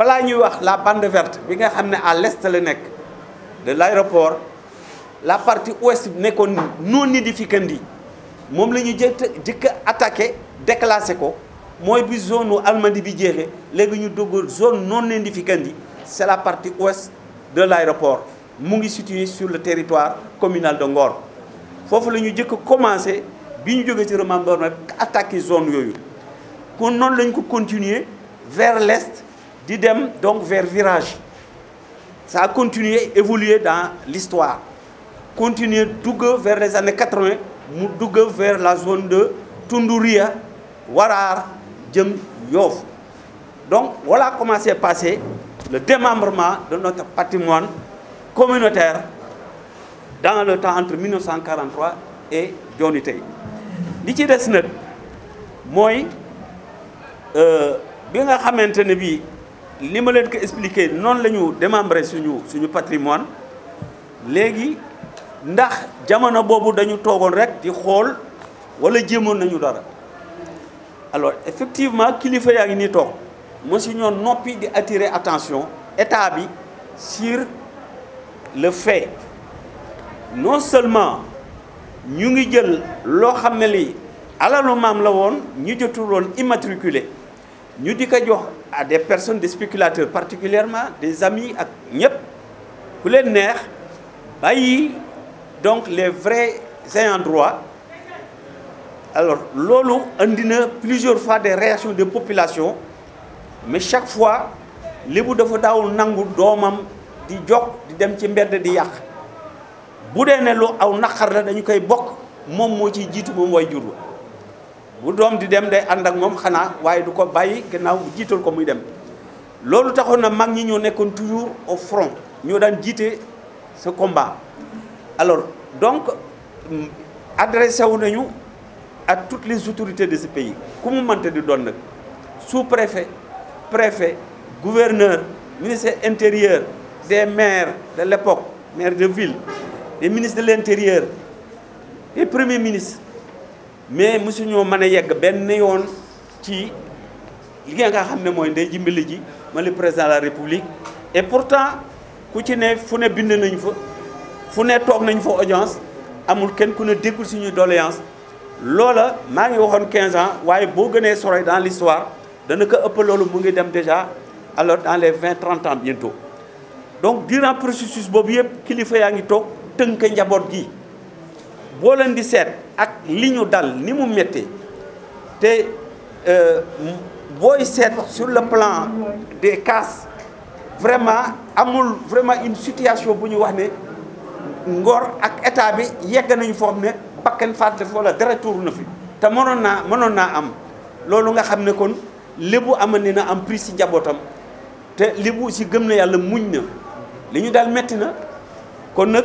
balaa ñuy wax la bande verte bi nga xam à l'est le nec de l'aéroport la partie ouest n'est nekkoon non aedificandi moom la ñu jë attaquer attaqué déclassé ko moi bi zone u Almadies bi jeexee léegi ñu zone non aedificandi c'est la partie ouest de l'aéroport mu ngi situé sur le territoire communal de Ngor foofu la ñu commencer, commencé bi ñu jógee ci remembrement attaquer zone yooyu kon non lañ ko continuer vers l'est Didem donc vers virage ça a continué évolué dans l'histoire continué tout vers les années 80 vers la zone de Tunduria Warar, Djem, donc voilà comment s'est passé le démembrement de notre patrimoine communautaire dans le temps entre 1943 et Johnny Ce qui ci suis euh, li ma leen ko expliqué noonu la ñu démembré suñu suñu patrimoine léegi ndax jamono boobu dañu toogoon rek di xool wala jéemoon nañu dara alors effectivement kilifa yaa ngi nii toog mosu ñoo di attirer attention état bi sur le fait non seulement ñu ngi jël loo xam ne lii alalu maam la woon ñu jotul immatriculé ñu di ko jox à des personnes des spéculateurs particulièrement des amis ak ñep ku leen neex bayyi donc les vrais ayants droit alors lolu andina plusieurs fois des réactions de population mais chaque fois bu dafa daawul nangu domam di jox di dem ci mbedd di yàq bu dee ne lu aw naqar la dañ koy bok mom mo ci jitu moom way jur bu doom di dem day and ak mom xana waaye du ko C'est gennaw ko muy dem mag ñi toujours au front ñu daan ce combat alors donc mm, adressé vous à toutes les autorités de ce pays Comment mu vous di sous-préfet préfet gouverneur ministère intérieur des maires de l'époque maires de ville des ministres de l'intérieur des premiers ministres mais Monsieur mën yegg benn yoon ci li nga xam ne mooy ndey ji le président de la république et pourtant ku ci ne fune bind nañ fa fune tok nañ fa audience amul ken ku ne déggul suñu doléance lola ma ngi waxone 15 ans waye bo gëné sore dans l'histoire da naka ëpp lolu mu ngi dem déjà alors dans les 20 30 ans bientôt donc durant processus boobu yépp kilifa ya ngi tok tënk njabot gi boo leen ak liñu dal ni mu méttee te euh, boy set sur le plan des cas vraiment amul vraiment une situation buñu wax né Ngor ak état bi yegg nañu foo xam ne bakkan fàtte wala dara tuuru na fi té mënoon naa mënoon naa am loolu nga xamné kon lebu amal na am prix ci njabootam te lébu si gëm na yàlla muñ na liñu dal metti na kon nak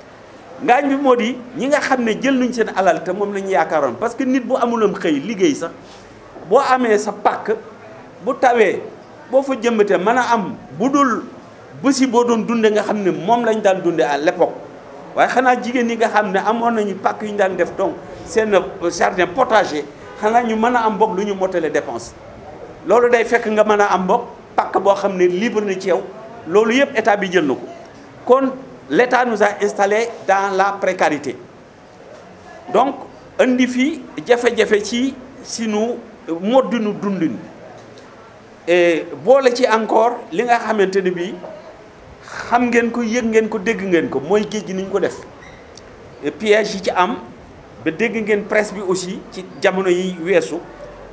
ngaañ bi moo di ñi nga xam ne jël nañ seen alal te moom la ñu yaakaaroon parce que nit bu amulam xëy liggéey sax boo amee sa pàkk bu tawee boo fa jëmbatee mën a am bu dul bési boo doon dunde nga xam ne moom lañ daan dunde à l'époque waaye xanaa jigéen ñi nga xam ne amoon nañu pàkk yu ñu daan def donc seen jardin potager xanaa ñu mën a am boog lu ñu motale dépense loolu day fekk nga mën a am boog pàkk boo xam ne libre na ci yow loolu yëpp état bi jël ko l'État nous a installés dans la précarité donc un défi, nous, jafe ci nous, nous, nous nous, ci encore li nga xamante ni que xam savez, ko yëg vous ko dégg nous ko vous piège ci am ba presse aussi ci jamono yi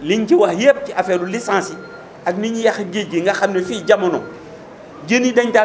liñ ci wax yépp ci affaire licence ak vous nga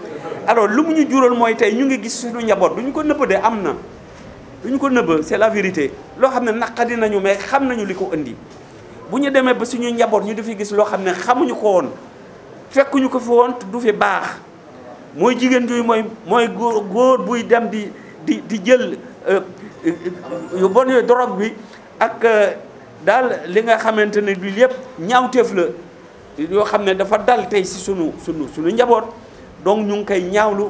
alors lu mu ñu jural mooy tey ñu ngi gis suñu njaboot du ñu ko nëbb de am na du ko nëbb c'est la vérité loo xam ne naqadi nañu mais xam nañu li ko indi bu ñu demee ba suñu njaboot ñu dafa gis loo xam ne xamuñu ko woon fekkuñu ko fi woon du fi baax mooy jigéen jooyu mooy mooy góor buy dem di di di jël euh, euh, yu bon bi ak euh, daal li nga xamante ne du lépp ñaawteef la yoo xam ne dafa dal tey si suñu sunu njaboot donc ñu ngi koy ñaawlu